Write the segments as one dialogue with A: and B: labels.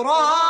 A: التراب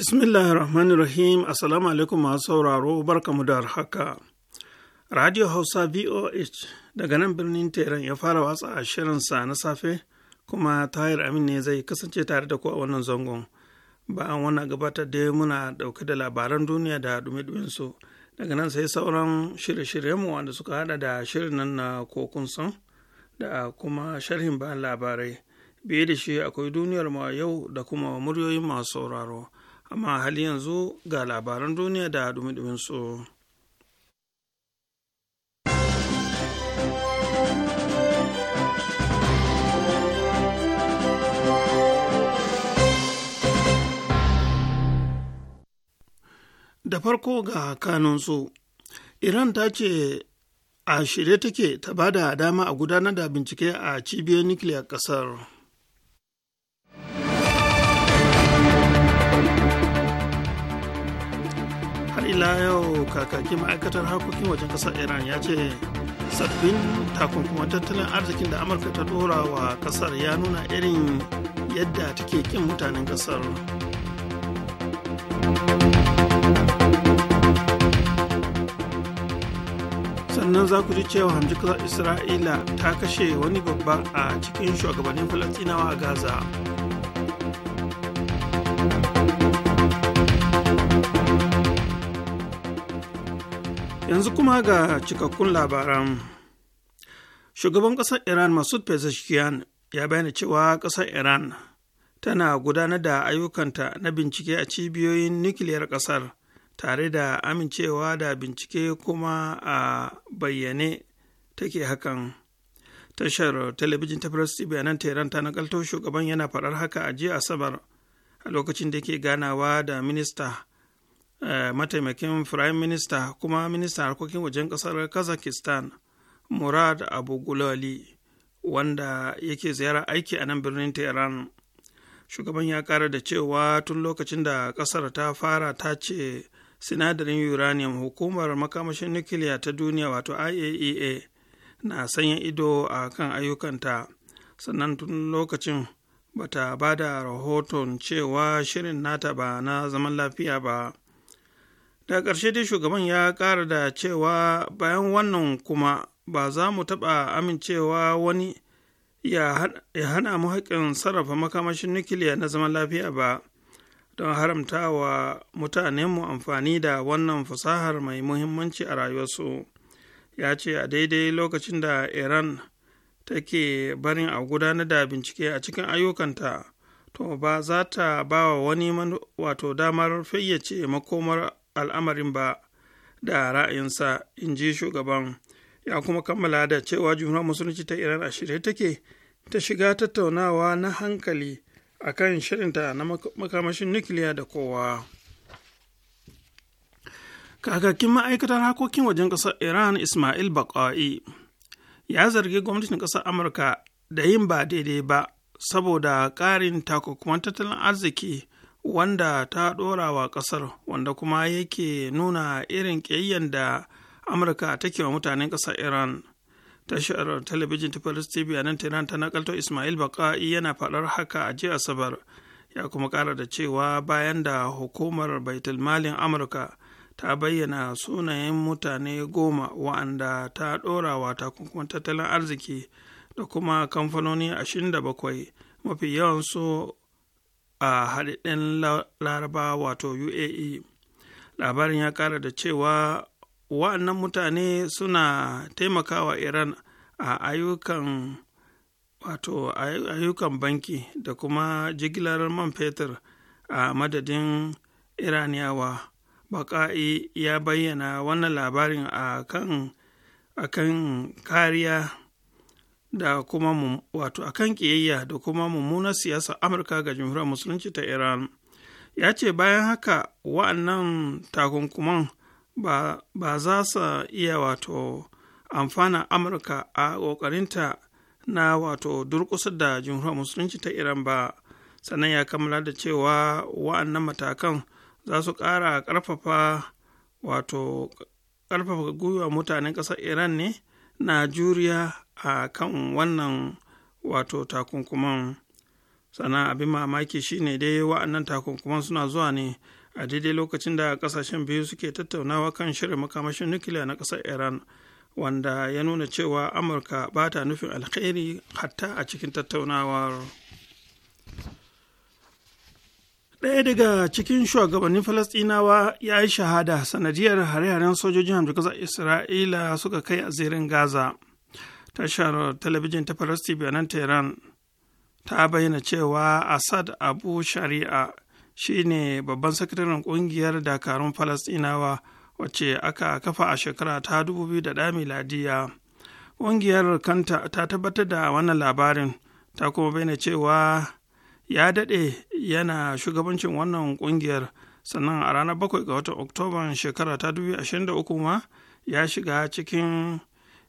B: Bismillahir Rahmanir Rahim, Assalamu alaikum masu sauraro, barkamu da haka. Radio Hausa VOH daga nan birnin Teran ya fara watsa a shirinsa na safe, kuma Tahir Amin ne zai kasance tare da ku a wannan zangon. Bayan wannan gabatar da muna dauke da labaran duniya da dumi su daga nan sai sauran shirye mu wanda suka hada da shirin nan na kokun san da kuma sharhin bayan labarai. Biye da shi akwai duniyar mu yau da kuma muryoyin masu sauraro. amma hal yanzu ga labaran duniya da dumi su. da farko ga kanunsu iran ta ce a shirye take ta ba da dama a gudanar da bincike a cibiyar nukiliyar kasar ila yau kakakin ma'aikatar harkokin wajen ƙasar iran ya ce sabbin takunkuman tattalin arzikin da amurka ta dora wa ƙasar ya nuna irin yadda take kin mutanen ƙasar sannan za ku ji cewa kasar isra'ila ta kashe wani babba a cikin shugabannin falastinawa a gaza yanzu kuma ga cikakkun labaran shugaban ƙasar iran masud pezeshkian ya bayyana cewa ƙasar iran tana gudanar da ayyukanta na bincike a cibiyoyin nukiliyar ƙasar tare da amincewa da bincike kuma a bayyane take hakan tashar talabijin ta press tv a nan tehran ta nakalto shugaban yana farar haka a jiya asabar a lokacin da ke ganawa da minista Eh, mataimakin firayim minista kuma ministan harkokin wajen ƙasar kazakistan murad abugulali wanda yake ziyarar aiki a nan birnin tehran shugaban ya kara da cewa tun lokacin da ƙasar ta fara ta ce sinadarin uranium hukumar makamashin nukiliya ta duniya wato iaea e na sanya ido a kan ayyukanta sannan tun lokacin bata ba da rahoton cewa shirin nata ba na zaman lafiya ba da ƙarshe dai shugaban ya ƙara da cewa bayan wannan kuma ba za mu taɓa amincewa wani ya hana mu haƙƙin sarrafa makamashin nukiliya na zaman lafiya ba don haramtawa wa mutanenmu amfani da wannan fasahar mai muhimmanci a rayuwarsu ya ce a daidai lokacin da iran take barin a gudanar da bincike a cikin ayyukanta to ba za ta ba wa wani wato damar fayyace makomar al'amarin ba da ra'ayinsa in ji shugaban ya kuma kammala da cewa juna musulunci ta iran a shirye take ta shiga tattaunawa na hankali a kan shirinta na makamashin nukiliya da kowa kakakin ma'aikatar harkokin wajen ƙasar iran ismail baka'i ya zargi gwamnatin ƙasar amurka da yin ba daidai ba saboda ƙarin takunkuman tattalin arziki wanda ta ɗora wa ƙasar wanda kuma yake nuna irin ƙiyayyen da amurka take wa mutanen ƙasar iran tashar talabijin ta paris tv a nan tehran ta nakalto ismail baka'i yana faɗar haka a jiya asabar ya kuma kara da cewa bayan da hukumar malin amurka ta bayyana sunayen mutane goma wa'anda ta ɗora wa tattalin arziki da kuma kamfanoni 27 mafi yawan su a haɗaɗɗen laraba wato uae labarin ya ƙara da cewa wa'annan mutane suna taimakawa iran a ayyukan wato ayyukan banki da kuma jigilar man fetur a madadin iraniyawa baƙa'i ya bayyana wannan labarin a kan kariya da kuma wato akan ƙiyayya da kuma mummunar siyasar amurka ga jamhuriyar musulunci ta iran ya ce bayan haka wa'annan takunkuman ba, za su iya wato amfana amurka a ƙoƙarinta na wato durƙusar da jamhuriyar musulunci ta iran ba sannan ya kammala da cewa wa'annan matakan za su ƙara ƙarfafa wato ƙarfafa gwiwa mutanen ƙasar iran ne na juriya a kan wannan wato takunkuman sannan abin mamaki shine dai wa'annan takunkuman suna zuwa ne a daidai lokacin da kasashen biyu suke tattaunawa kan shirin makamashin nukiliya na ƙasar iran wanda ya nuna cewa amurka ba ta nufin alkhairi hatta a cikin tattaunawar ɗaya daga cikin shugabannin falasɗinawa ya yi shahada sanadiyar hare-haren sojojin hamdu ƙasar isra'ila suka kai a zirin gaza tashar talabijin ta falasti tv nan tehran ta bayyana cewa asad abu shari'a shine babban sakataren kungiyar dakarun falastinawa wacce aka kafa a shekara ta 2001 miladiya ƙungiyar kanta ta tabbatar da wannan labarin ta kuma bayyana cewa ya dade yana shugabancin wannan ƙungiyar sannan a ranar 7 ga watan oktoba shekara ta 2023 ma ya shiga cikin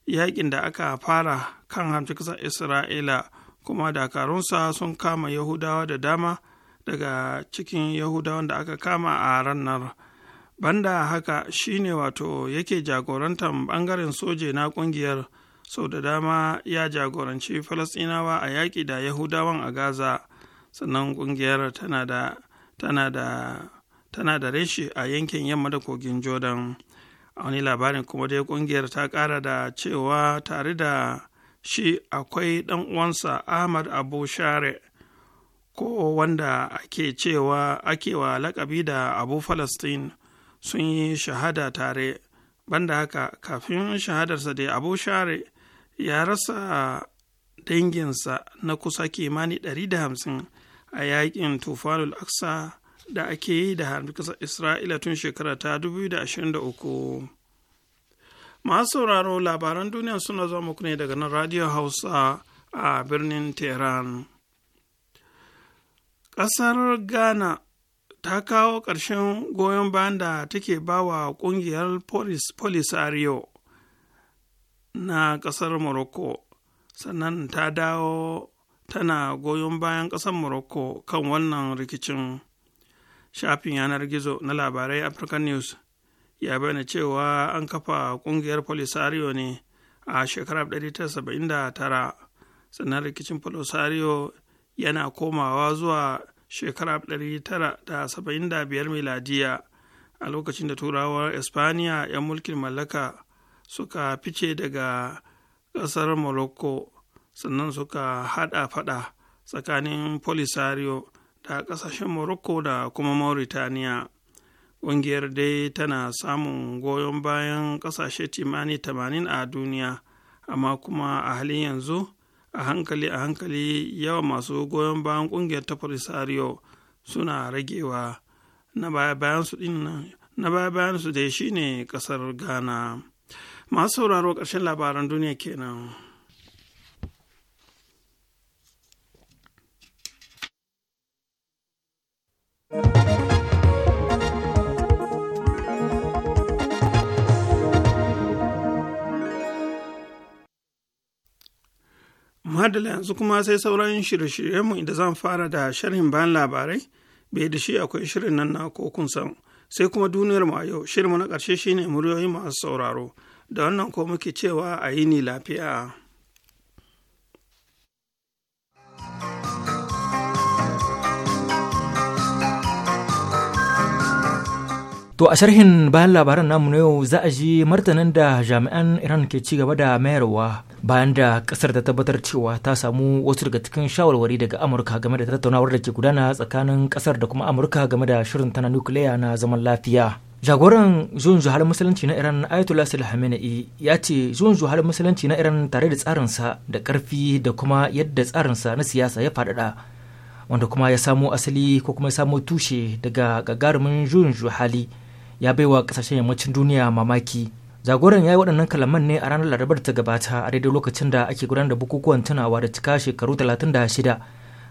B: yakin da aka fara kan hamci kasar isra'ila kuma dakarunsa sun kama yahudawa da dama daga cikin yahudawan da aka kama a ranar banda haka shine wato yake jagorantar bangaren soje na kungiyar sau da dama ya jagoranci falasinawa a yaƙi da yahudawan a gaza sannan kungiyar tana da tana da reshe a yankin yamma da kogin jordan a wani labarin kuma dai kungiyar ta kara da cewa tare da shi akwai ɗan uwansa ahmad abu share ko wanda ake cewa ake wa lakabi da abu falastin sun yi shahada tare banda haka kafin shahadarsa dai abu share ya rasa danginsa na kusa kimani 150 a yakin tufanul aksa da ake yi da harbi ƙasar isra'ila tun shekara ta 2023 masu sauraro labaran duniya suna zuwa muku ne daga nan radio hausa a birnin tehran ƙasar ghana ta kawo ƙarshen goyon bayan da take ba wa ƙungiyar polisario na ƙasar morocco sannan ta dawo tana goyon bayan ƙasar morocco kan wannan rikicin shafin yanar gizo na labarai african news ya bayyana cewa an kafa kungiyar polisario ne a shekarar 1979 sannan rikicin polisario yana komawa zuwa shekarar 1975 miladiya a lokacin da turawar espaniya 'yan mulkin mallaka suka fice daga kasar morocco sannan suka hada fada tsakanin polisario da ƙasashen morocco da kuma mauritania ƙungiyar dai tana samun goyon bayan ƙasashe timani 80 a duniya amma kuma a halin yanzu a hankali a hankali yawa masu goyon bayan ƙungiyar ta polisario suna ragewa na baya-bayan su dai shine ƙasar ghana masu sauraro ƙarshen labaran duniya kenan. Madala yanzu kuma sai sauran shirye-shiryenmu inda zan fara da sharhin bayan labarai, bai da shi akwai shirin nan na kokun san sai kuma duniyar mu a yau shirinmu na ƙarshe shine muryoyi masu sauraro, da wannan ko muke cewa a yi ni lafiya.
C: To a sharhin bayan labaran namu na yau za a ji martanin da jami'an Iran ke ci gaba da mayarwa bayan da kasar ta tabbatar cewa ta samu wasu daga cikin shawarwari daga Amurka game da tattaunawar da ke gudana tsakanin kasar da kuma Amurka game da shirin tana nukiliya na zaman lafiya. Jagoran zuwan zuhar musulunci na Iran Ayatollah Sul ya ce zuwan zuhar musulunci na Iran tare da tsarinsa da karfi da kuma yadda tsarinsa na siyasa ya faɗaɗa wanda kuma ya samo asali ko kuma ya samo tushe daga gagarumin juyin hali. ya baiwa kasashen yammacin duniya mamaki jagoran ya yi waɗannan kalaman ne a ranar larabar ta gabata a daidai lokacin da ake gudanar da bukukuwan tunawa da cika shekaru 36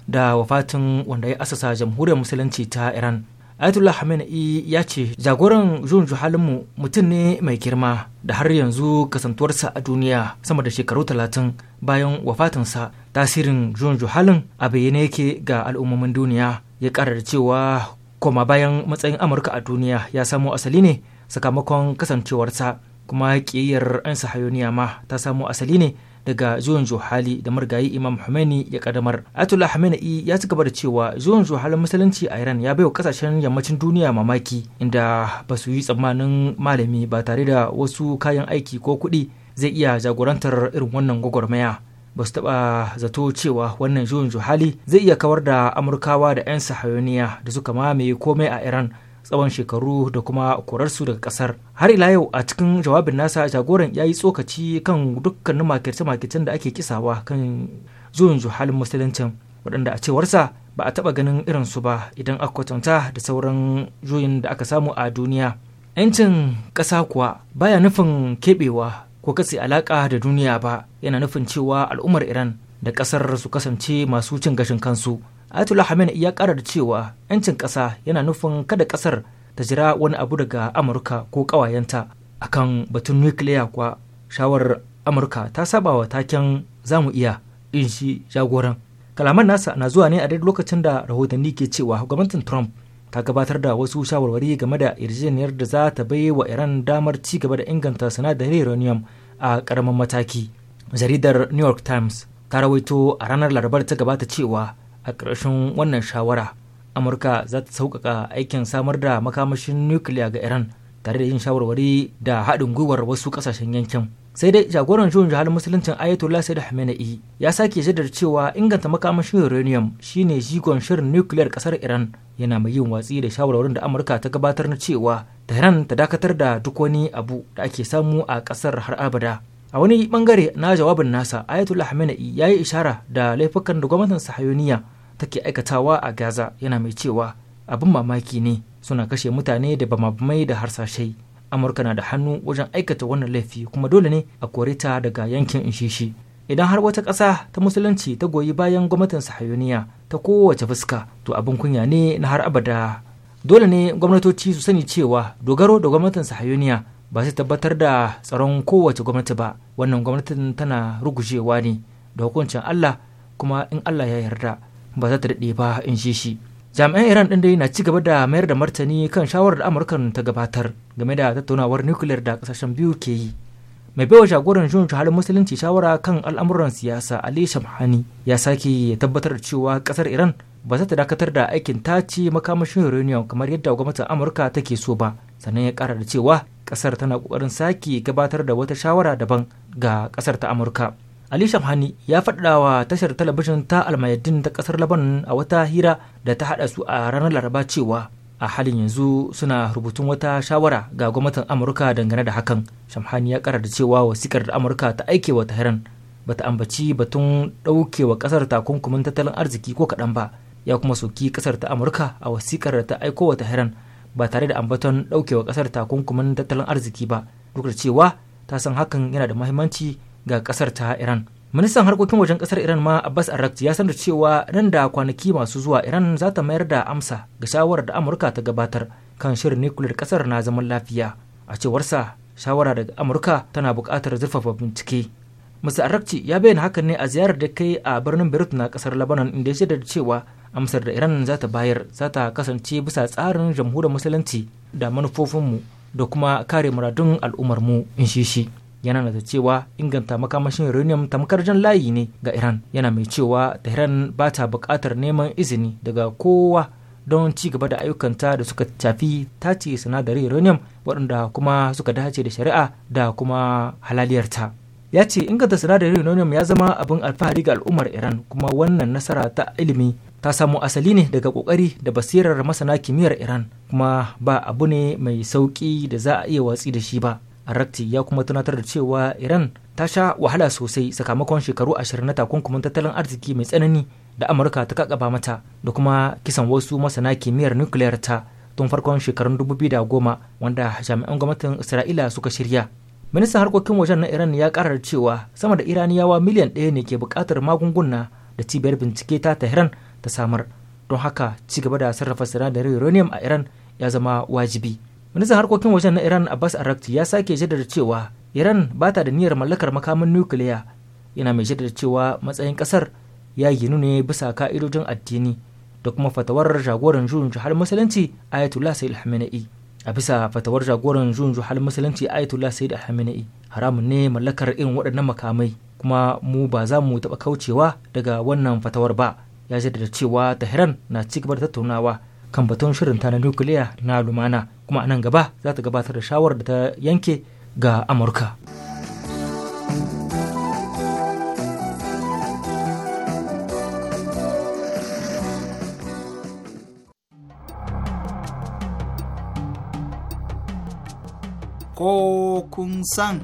C: da wafatin wanda ya asasa jamhuriyar musulunci ta iran Ayatollah Khamenei ya ce jagoran Jun Juhalinmu mutum ne mai girma da har yanzu kasantuwarsa a duniya sama da shekaru talatin bayan wafatinsa tasirin Jun Juhalin a bayyane yake ga al'ummomin duniya ya ƙara da cewa koma bayan matsayin amurka a duniya ya samo asali ne sakamakon kasancewarsa kuma ƙiyayyar an sahayoniya ma ta samo asali ne daga zuwan johali da marigayi imam Khomeini ya kadamar ayatollah i ya ci gaba da cewa zuwan johali musulunci a iran ya baiwa kasashen yammacin duniya mamaki inda ba su yi tsammanin malami ba tare da wasu kayan aiki ko kuɗi zai iya jagorantar irin wannan gwagwarmaya ba su taɓa zato cewa wannan juyin juhali zai iya kawar da amurkawa da 'yan sahayoniya da suka mamaye komai a iran tsawon shekaru da kuma korarsu daga kasar har ila yau a cikin jawabin nasa jagoran ya yi tsokaci kan dukkanin makirce-makircen da ake kisawa kan zuwan juhalin musuluncin waɗanda a cewarsa ba a taɓa ganin irinsu ba idan aka kwatanta da sauran juyin da aka samu a duniya 'yancin ƙasa kuwa baya nufin keɓewa ko katse alaƙa da duniya ba yana nufin cewa al'ummar iran da ƙasar su kasance masu cin gashin kansu ayatollah hamen ya kara da cewa 'yancin ƙasa yana nufin kada ƙasar ta jira wani abu daga amurka ko kawayenta akan batun nukiliya kuwa shawarar amurka ta saba wa taken zamu iya in shi jagoran kalaman nasa na zuwa ne a daidai lokacin da rahotanni ke cewa gwamnatin trump ta gabatar da wasu shawarwari game da yarjejeniyar da za ta bai wa iran damar ci gaba da inganta sinadarin uranium a karamin mataki jaridar new york times ta rawaito a ranar larabar ta gabata cewa a ƙarshen wannan shawara amurka za ta sauƙaƙa aikin samar da makamashin nukiliya ga iran tare da yin shawarwari da haɗin gwiwar wasu ƙasashen yankin sai dai jagoran juyin jihar musuluncin ayatollah sayyid i ya sake jaddada cewa inganta makamashin uranium shine jigon shirin nukiliyar kasar iran yana mai yin watsi da shawarwarin da amurka ta gabatar na cewa tehran ta dakatar da duk wani abu da ake samu a kasar har abada a wani bangare na jawabin nasa ayatollah i ya yi ishara da laifukan da gwamnatin sahayoniya take aikatawa a gaza yana mai cewa abin mamaki ne suna kashe mutane da bamabamai da harsashai amurka na da hannu wajen aikata wannan laifi kuma dole ne a kore ta daga yankin inshishi idan har wata ƙasa ta musulunci ta goyi bayan gwamnatin sahayoniya ta kowace fuska to abin kunya ne na har abada dole ne gwamnatoci su sani cewa dogaro da gwamnatin sahayoniya ba su tabbatar da tsaron kowace gwamnati ba wannan gwamnatin tana rugujewa ne da hukuncin allah kuma in allah ya yarda ba za ta daɗe ba in shi shi jami'an iran ɗin dai na ci gaba da mayar da martani kan shawarar da amurka ta gabatar game da tattaunawar nukiliyar da kasashen biyu ke yi mai baiwa jagoran jun halin musulunci shawara kan al'amuran siyasa ali shamhani ya sake ya tabbatar da cewa kasar iran ba za ta dakatar da aikin tace makamashin uranium kamar yadda gwamnatin amurka take so ba sannan ya kara da cewa kasar tana ƙoƙarin sake gabatar da wata shawara daban ga kasar ta amurka Ali Shamhani ya faɗa wa tashar talabijin ta almayadin ta ƙasar laban a wata hira da ta haɗa su a ranar Laraba cewa a halin yanzu suna rubutun wata shawara ga gwamnatin Amurka dangane da hakan. Shamhani ya ƙara da cewa wasikar da Amurka ta aike wa ba ta ambaci batun ɗaukewa ƙasar takunkumin tattalin arziki ko kaɗan ba ya kuma soki ƙasar ta Amurka a wasikar da ta aiko wa Tehran ba tare da ambaton ɗaukewa ƙasar takunkumin tattalin arziki ba duk da cewa ta san hakan yana da muhimmanci ga kasar ta iran ministan harkokin wajen kasar iran ma abbas arakci ya sanar cewa nan da kwanaki masu zuwa iran za ta mayar da amsa ga shawarar da amurka ta gabatar kan shirin nuclear kasar na zaman lafiya a cewarsa shawara daga amurka tana buƙatar zurfafa bincike Mr. Arakci ya bayyana hakan ne a ziyarar da kai a birnin Beirut na kasar Lebanon inda ya shaida da cewa amsar da Iran za ta bayar za ta kasance bisa tsarin jamhuriyar musulunci da manufofinmu da kuma kare muradun al'ummarmu in shi shi. yana da cewa inganta makamashin uranium tamkar jan layi ne ga iran yana mai cewa tehran ba ta buƙatar neman izini daga kowa don ci gaba da ayyukanta da suka tafi tace sinadarin uranium waɗanda kuma suka dace da shari'a da kuma halaliyarta ya ce inganta sinadarin uranium ya zama abin alfahari ga al'ummar iran kuma wannan nasara ta ilimi ta samo asali ne daga kokari da basirar masana kimiyyar iran kuma ba abu ne mai sauƙi da za a iya watsi da shi ba Arakti ya kuma tunatar da cewa Iran ta sha wahala sosai sakamakon shekaru ashirin na takunkumin tattalin arziki mai tsanani da Amurka ta kakaba mata da kuma kisan wasu masana kimiyyar nukiliyar ta tun farkon shekarun 2010 wanda jami'an gwamnatin Isra'ila suka shirya. Ministan harkokin wajen na Iran ya karar cewa sama da Iraniyawa miliyan ɗaya ne ke buƙatar magunguna da cibiyar bincike ta Tehran ta samar. Don haka ci gaba da sarrafa sinadarin uranium a Iran ya zama wajibi. ministan harkokin wajen na iran abbas arakti ya sake jaddada cewa iran ba ta da niyyar mallakar makamin nukiliya yana mai jaddada cewa matsayin kasar ya ginu ne bisa ka'idojin addini da kuma fatawar jagoran juyin juhal musulunci ayatollah sayyid khamenei a bisa fatawar jagoran juyin juhal musulunci ayatollah sayyid khamenei haramun ne mallakar irin waɗannan makamai kuma mu ba za mu taɓa kaucewa daga wannan fatawar ba ya jaddada cewa tehran na cigaba da tattaunawa kan batun shirin ta na nukiliya na lumana kuma a nan gaba za ta gabatar da shawarar da ta yanke ga amurka
D: ko kun
B: san.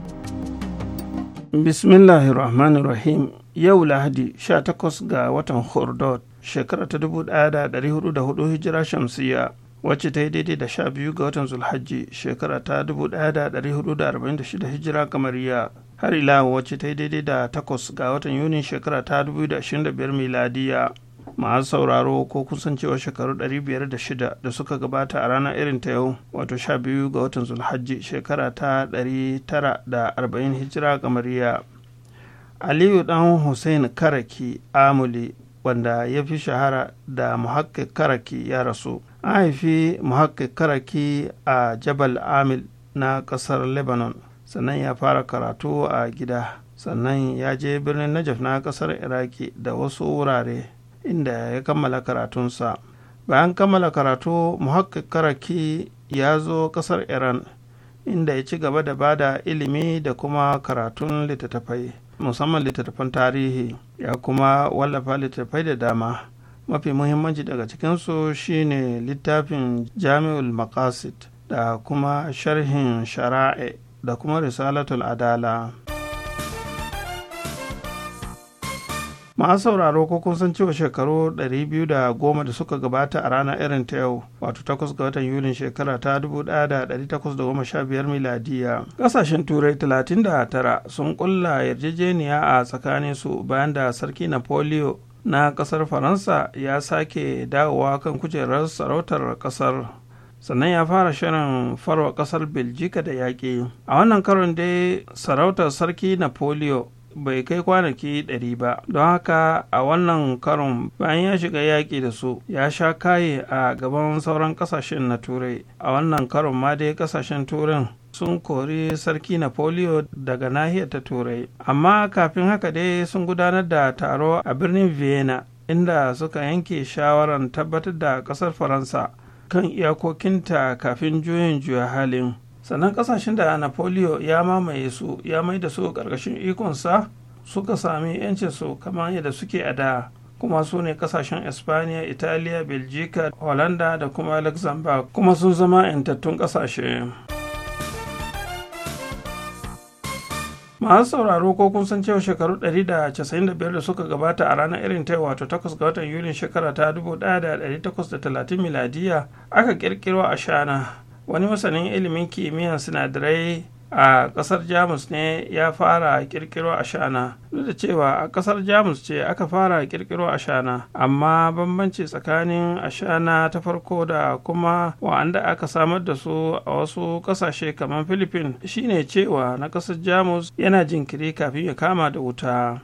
B: Bismillahirrahmanirrahim yau Lahadi 18 ga watan Hordot shekara ta 1404 hijira shamsiyya wacce ta yi daidai da sha biyu ga watan zulhajji shekara ta dubu daya da da da dari hudu arba'in shida hijira kamariya har ila wacce ta yi daidai da takwas ga watan yunin shekara ta dubu da da ashirin biyar miladiya masu sauraro ko kusancewa shekaru dari biyar da shida da suka gabata a ranar irin ta yau wato biyu ga watan zulhajji shekara ta dari tara da arba'in hijira kamariya aliyu dan hussein karaki amuli wanda ya fi shahara da muhakkik karaki ya rasu an haifi karaki a jabal amil na ƙasar lebanon sannan ya fara karatu a gida sannan ya je birnin najaf na ƙasar iraki da wasu wurare inda ya kammala karatunsa bayan kammala karatu muhakkikaraki karaki ya zo ƙasar iran inda ya ci gaba da bada ilimi da kuma karatun littattafai musamman littattafan tarihi ya kuma wallafa littattafai da dama mafi muhimmanci daga cikinsu shine littafin jami'ul maqasid da kuma sharhin shara'i da kuma risalatul adala masu sauraro ko kun san cewa shekaru 210 da suka gabata a rana irin ta yau wato 8 ga watan yulin shekara ta 1815 miladiya kasashen turai 39 sun kulla yarjejeniya a tsakaninsu bayan da sarki napoleon na kasar faransa ya sake dawowa kan kujerar sarautar kasar sannan ya fara shirin farwa kasar beljika da yaƙi a wannan karon dai sarautar sarki napoleon bai kai kwanaki ɗari ba don haka a wannan karon bayan ya shiga yaƙi da su ya sha kaye a gaban sauran ƙasashen na turai a wannan karon ma dai ƙasashen turin sun kori sarki Napoleon daga nahiyar ta Turai. Amma kafin haka dai sun gudanar da taro a birnin Vienna inda suka yanke shawarar tabbatar da kasar Faransa kan iyakokinta kafin juyin juya halin. Sannan kasashen da Napoleon ya mamaye su ya mai da su ƙarƙashin ikonsa suka sami su kamar yadda suke a da. kuma su ne kasashen Espanya, Italiya, Belgica, Holanda da kuma Luxembourg kuma sun zama 'yantattun kasashe. masu sauraro ko kun san cewa shekaru 195 da suka gabata a ranar irin ta wato 8 ga watan yulin shekara ta 1830 miladiya aka kirkiro a shana wani masanin ilimin kimiyyar sinadarai a kasar jamus ne ya fara kirkiro ashana duk da cewa a kasar jamus ce aka fara kirkiro ashana amma bambanci tsakanin ashana ta farko da kuma wa'anda aka samar da su a wasu kasashe kamar philippines shine cewa na kasar jamus yana jinkiri kafin ya kama da wuta.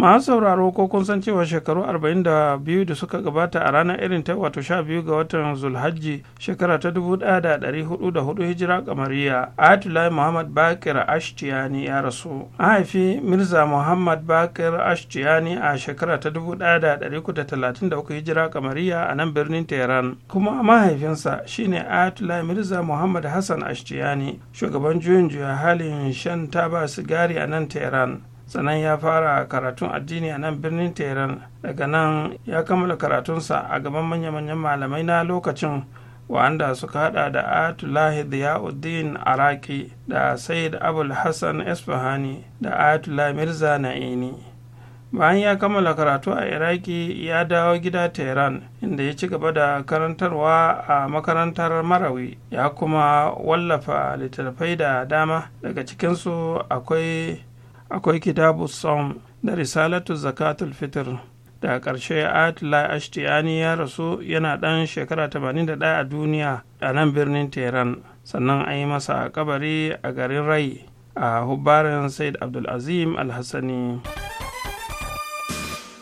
B: masu sauraro ko kun san cewa shekaru 42 da suka gabata a ranar irin ta wato 12 ga watan zulhajji shekara ta 1404 hijira kamariya ayatollah muhammad bakir ashtiyani ya rasu a haifi mirza muhammad bakir ashtiyani a shekara ta 1433 hijira kamariya a nan birnin tehran kuma mahaifinsa shine ayatollah mirza muhammad hassan ashtiyani shugaban juyin juya halin shan taba sigari a nan tehran sannan ya fara karatun addini a nan birnin tehran daga nan ya kammala karatunsa a gaban manya-manyan malamai na lokacin wanda suka hada da ayatullahi ziyauddin araki da said abul hassan isfahani da atulahi mirza na'ini bayan ya kammala karatu a iraki ya dawo gida tehran inda ya ci gaba da karantarwa a makarantar marawi ya kuma wallafa littattafai da dama daga cikinsu akwai akwai kitabu psalm da risalatu zakatul fitr da ƙarshe atla ashtiani ya rasu yana ɗan shekara 81 a duniya a nan birnin tehran sannan an yi masa kabari a garin rai a hubbarin said abdulazim alhassani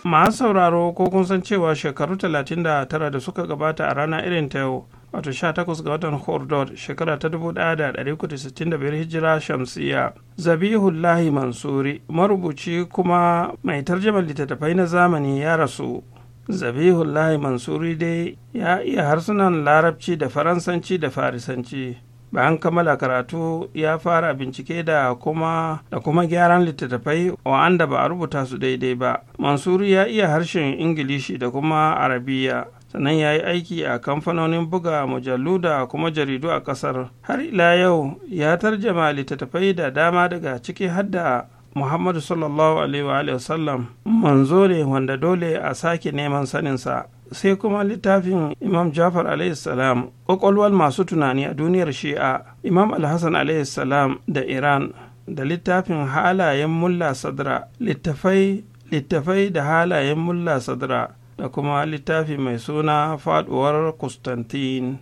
B: masu sauraro ko kun san cewa shekaru 39 da suka gabata a rana irin ta yau wato takwas ga watan hordod shekara ta biyar hijira shamsiya zabihullahi mansuri marubuci kuma mai tarjamar littattafai na zamani ya rasu zabihullahi mansuri dai ya iya harsunan larabci da faransanci da farisanci bayan kammala karatu ya fara bincike da kuma da kuma gyaran littattafai wa'anda ba a rubuta su daidai ba mansuri ya iya harshen ingilishi da kuma arabiya sannan ya yi aiki a kamfanonin buga mujallu da kuma jaridu a kasar har ila yau ya tarjama littattafai da dama daga ciki hadda muhammadu sallallahu alaihi wasallam manzo ne wanda dole a sake neman saninsa sai kuma littafin imam jafar alaihi salam kwakwalwal masu tunani a duniyar shi'a imam alhassan alaihi salam da iran da littafin halayen mulla sadra littafai littafai da halayen mulla sadra da kuma littafi mai suna faduwar Kustantin.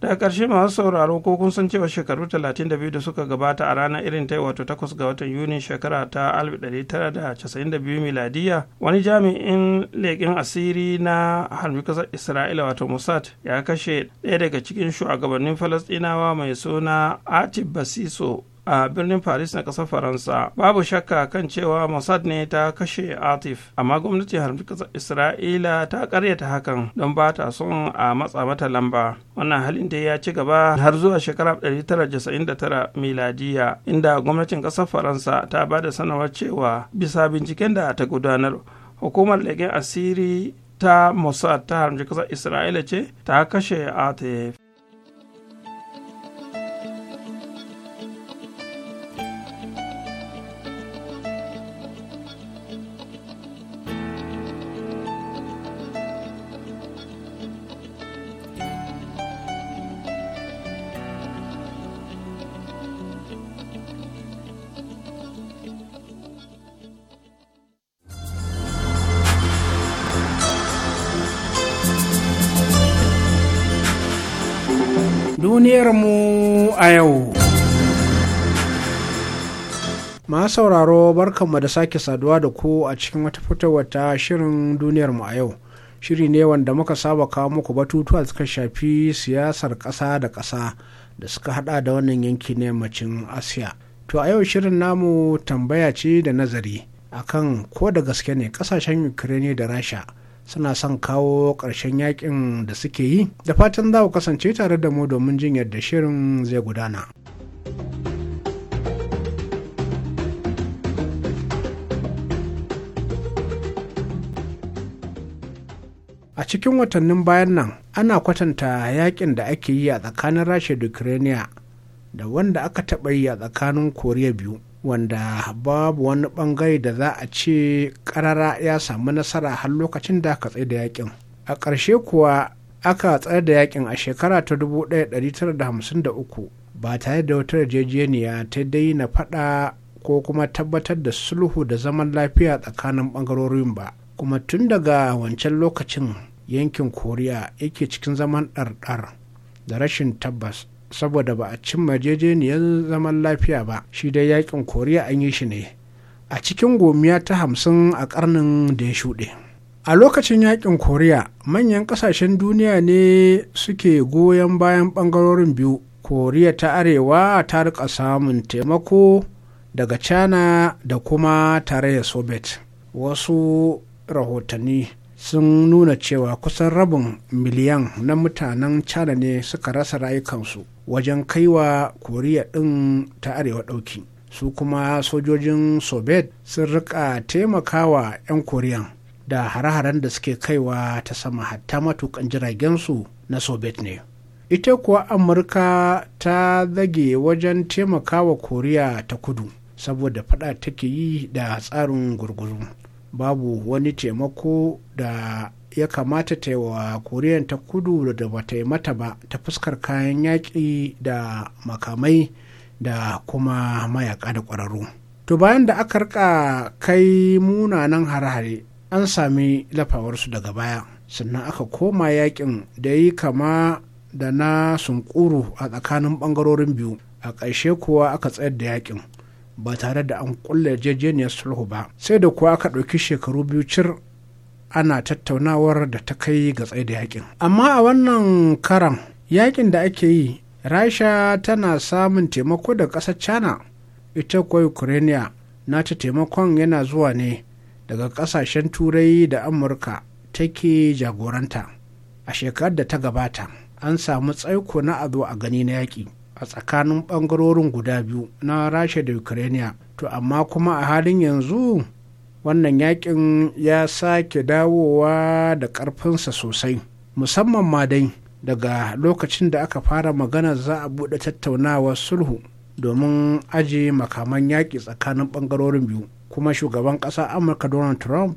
B: ta ƙarshe masu sauraro ko kun san cewa shekaru 32 da suka gabata a ranar irin ta wato 8 ga watan yuni shekara ta 1992 miladiya wani jami'in leƙin asiri na harbi isra'ila wato mossad ya kashe ɗaya daga cikin shugabannin falasɗinawa mai suna atib basiso a birnin paris na ƙasar faransa babu shakka kan cewa mossad ne ta kashe atif amma gwamnatin harbin ƙasar isra'ila ta karyata hakan don ba ta son a matsa mata lamba wannan halin da ya ci gaba har zuwa shekara 1999 miladiya inda gwamnatin ƙasar faransa ta ba da sanarwar cewa bisa binciken da ta gudanar hukumar leƙen asiri ta mossad ta harbi ƙasar isra'ila ce ta kashe atif
E: mu a yau. Ma sauraro barkanmu da sake saduwa da ku a cikin wata fitowar ta shirin duniyarmu a yau. Shiri ne wanda muka saba kawo muku batutuwa a suka shafi siyasar ƙasa da ƙasa da suka hada da wannan yanki na yammacin Asiya. To a yau shirin namu tambaya ce da nazari akan ko da gaske ne ƙasashen Ukraine da Rasha. suna son kawo ƙarshen yakin da suke yi da fatan za ku kasance tare da mu domin jin yadda shirin zai gudana. a cikin watannin bayan nan ana kwatanta yakin da ake yi a tsakanin rasha da ukraine da wanda aka taɓa yi a tsakanin koriya biyu wanda babu wani bangare da za a ce karara ya samu nasara har lokacin da aka tsaye da yakin a ƙarshe kuwa aka tsaye da yakin a shekara ta 1953 ba tare da wata yarjejeniya ta dai na faɗa ko kuma tabbatar da sulhu da zaman lafiya tsakanin ɓangarorin ba kuma tun daga wancan lokacin yankin koriya yake cikin zaman ɗarɗar da rashin tabbas saboda ba a cimma majejeniyar zaman lafiya ba shi dai yakin koriya an yi shi ne a cikin gomiya ta hamsin a karnin da ya shuɗe a lokacin yakin koriya manyan kasashen duniya ne suke goyon bayan ɓangarorin biyu koriya ta arewa ta rika samun taimako daga china da kuma tare da soviet wasu rahotanni sun nuna cewa kusan rabin miliyan na mutanen china ne suka rasa rayukansu wajen kaiwa koriya ɗin ta arewa ɗauki su kuma sojojin soviet sun rika taimakawa 'yan Koriya, da hare-haren da suke kaiwa ta sama hatta matukan jiragensu na soviet ne ita kuwa amurka ta zage wajen taimakawa koriya ta kudu saboda fada take yi da tsarin gurguru babu wani taimako da ya kamata ta yi wa koriyan ta kudu da ba ta yi mata ba ta fuskar kayan yaƙi da makamai da kuma mayaka da ƙwararru to bayan da aka rika kai munanan hare-hare an sami lafawarsu daga baya sannan aka koma yakin da yi kama da na sunkuru a tsakanin bangarorin biyu a ƙarshe kuwa aka tsayar da yakin ba tare da an kulle yarjejeniyar sulhu ba sai da kuwa aka ɗauki shekaru biyu cir ana tattaunawar da ta kai ga tsaye da yakin amma a wannan karan yakin da ake yi rasha tana samun taimako da ƙasar china ita kwa ukraine nata taimakon yana zuwa ne daga ƙasashen turai da amurka take jagoranta a shekarar da ta gabata an samu tsaiko na azo a gani na yaƙi a tsakanin ɓangarorin guda biyu na rasha da ukraine to amma kuma a halin yanzu wannan yakin ya sake dawowa da ƙarfinsa sosai musamman ma dai daga lokacin da aka fara magana za a buɗe tattaunawar sulhu domin ajiye makaman yaƙi tsakanin ɓangarorin biyu kuma shugaban ƙasa amurka donald trump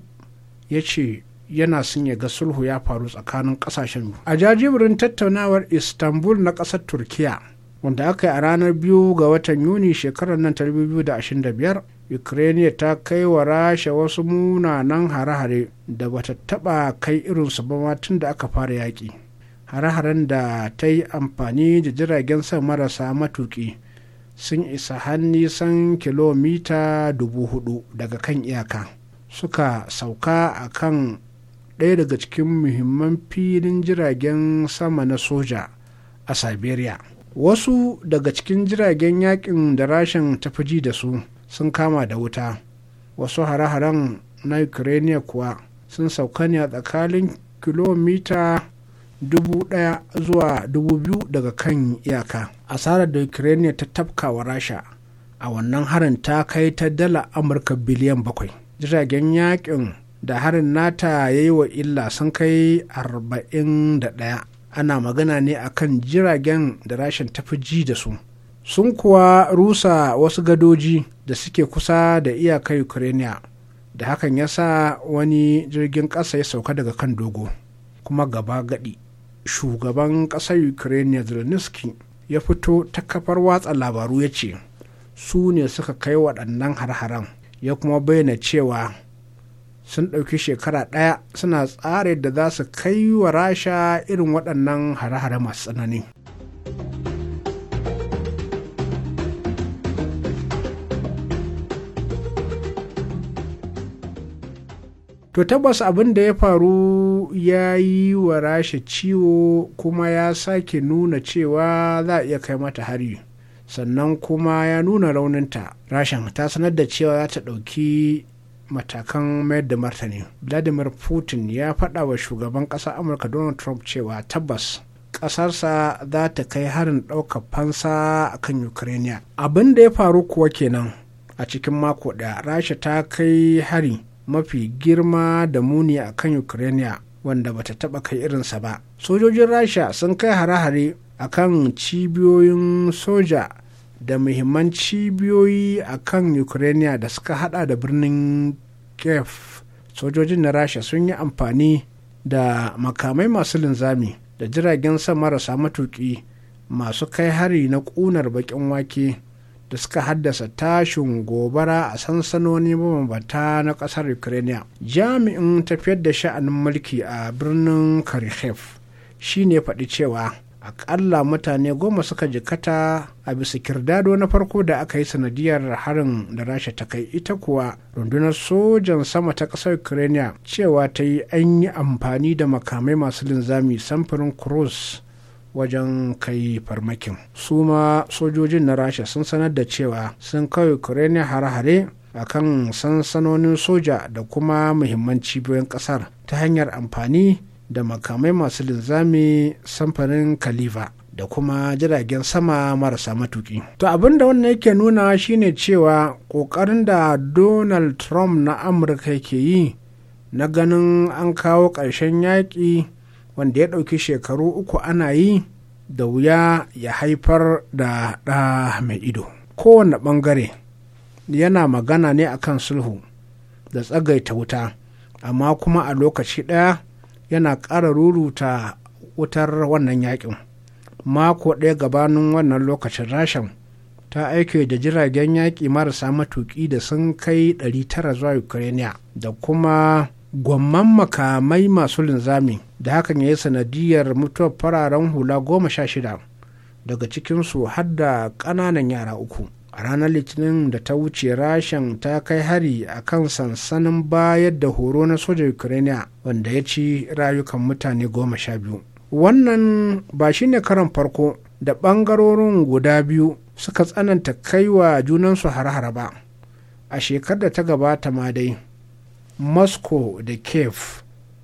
E: ya ce yana sun ya ga sulhu ya faru tsakanin ƙasashen biyu a jajibirin tattaunawar istanbul na ƙasar turkiya wanda aka yi a ranar biyu ga watan yuni shekarar nan ta 2025 ukraine ta kai wa rasha wasu munanan hare-hare da bata taba kai irinsu ba tun da aka fara yaƙi hare-haren da ta yi amfani da jiragen sa marasa matuƙi sun isa har nisan kilomita 4,000 daga kan iyaka suka sauka a kan ɗaya daga cikin muhimman filin jiragen sama na soja a siberia wasu daga cikin jiragen yakin da rashin tafi da su sun kama da wuta wasu hare-haren na ukraine kuwa sun sauka ne a tsakanin kilomita 1000 zuwa 2000 daga kan iyaka asarar da ukraine ta wa rasha a wannan harin ta kai ta dala amurka biliyan bakwai jiragen yakin da harin nata ya yi wa illa sun kai arba'in da 41 ana magana ne a kan jiragen da rashin tafi ji da su sun kuwa rusa wasu gadoji da suke kusa da iyakar ukraine da hakan ya sa wani jirgin ƙasa ya sauka daga kan dogo kuma gaba gadi shugaban ƙasar ukraine zelensky ya fito ta kafar watsa labaru ya ce su ne suka kai waɗannan har-haren ya kuma bayyana cewa sun ɗauki shekara ɗaya suna tsara da za su kai wa rasha irin waɗannan hare-hare masu tsanani to tabbas abin da ya faru ya yi wa rasha ciwo kuma ya sake nuna cewa za a iya kai mata hari sannan kuma ya nuna rauninta rashin ta sanar da cewa za ta ɗauki matakan mayar da martani vladimir putin ya faɗa wa shugaban ƙasar amurka donald trump cewa tabbas ƙasarsa za ta kai harin ɗaukar fansa a kan ukraine abin da ya faru kuwa kenan a cikin mako ɗaya rasha ta kai hari mafi girma da muni a kan ukraine wanda bata taɓa kai irinsa ba sojojin rasha sun kai hare-hare a kan cibiyoyin soja da muhimman cibiyoyi a kan ukraine da suka hada da birnin kiev sojojin na rasha sun yi amfani da makamai masu linzami da jiragen sama marasa matuki masu kai hari na kunar bakin wake da suka haddasa tashin gobara a sansanoni mabambata na kasar ukraine jami'in tafiyar da sha'anin mulki a birnin kharkiv shine faɗi cewa akalla mutane goma suka jikata a bisa kirdado na farko da aka yi sanadiyar harin da rasha ta kai ita kuwa rundunar sojan sama ta ƙasar ukraine cewa ta yi an yi amfani da makamai masu linzami samfurin cross wajen kai farmakin su ma sojojin na rasha sun sanar da cewa sun kai ukraine hare-hare a kan sansanonin soja da kuma muhimman cibiyoyin ƙasar ta hanyar amfani da makamai masu linzami samfarin kalifa da kuma jiragen sama marasa matuki. To abin da wannan yake nuna shine cewa ƙoƙarin da Donald Trump na Amurka ke yi na ganin an kawo ƙarshen yaƙi wanda ya ɗauki shekaru uku ana yi da wuya ya haifar da ɗa mai ido. Kowane ɓangare yana magana ne akan sulhu da tsagaita wuta, amma kuma a lokaci ɗaya yana ƙara ruruta wutar wannan yakin mako ɗaya gabanin wannan lokacin rashin ta aike da jiragen yaƙi marasa matuƙi da sun kai 900 zuwa ukraine da kuma gwamman makamai masu linzami da hakan ya yi sanadiyar mutuwar fararen hula goma sha shida daga cikinsu har da ƙananan yara uku a ranar litinin da ta wuce rashin ta kai hari a kan sansanin bayar da horo na soja ukraine wanda ya ci rayukan mutane goma sha biyu wannan ba shine karan farko da ɓangarorin guda biyu suka tsananta kaiwa junansu har hara ba a shekar da ta gabata ma dai moscow da kiev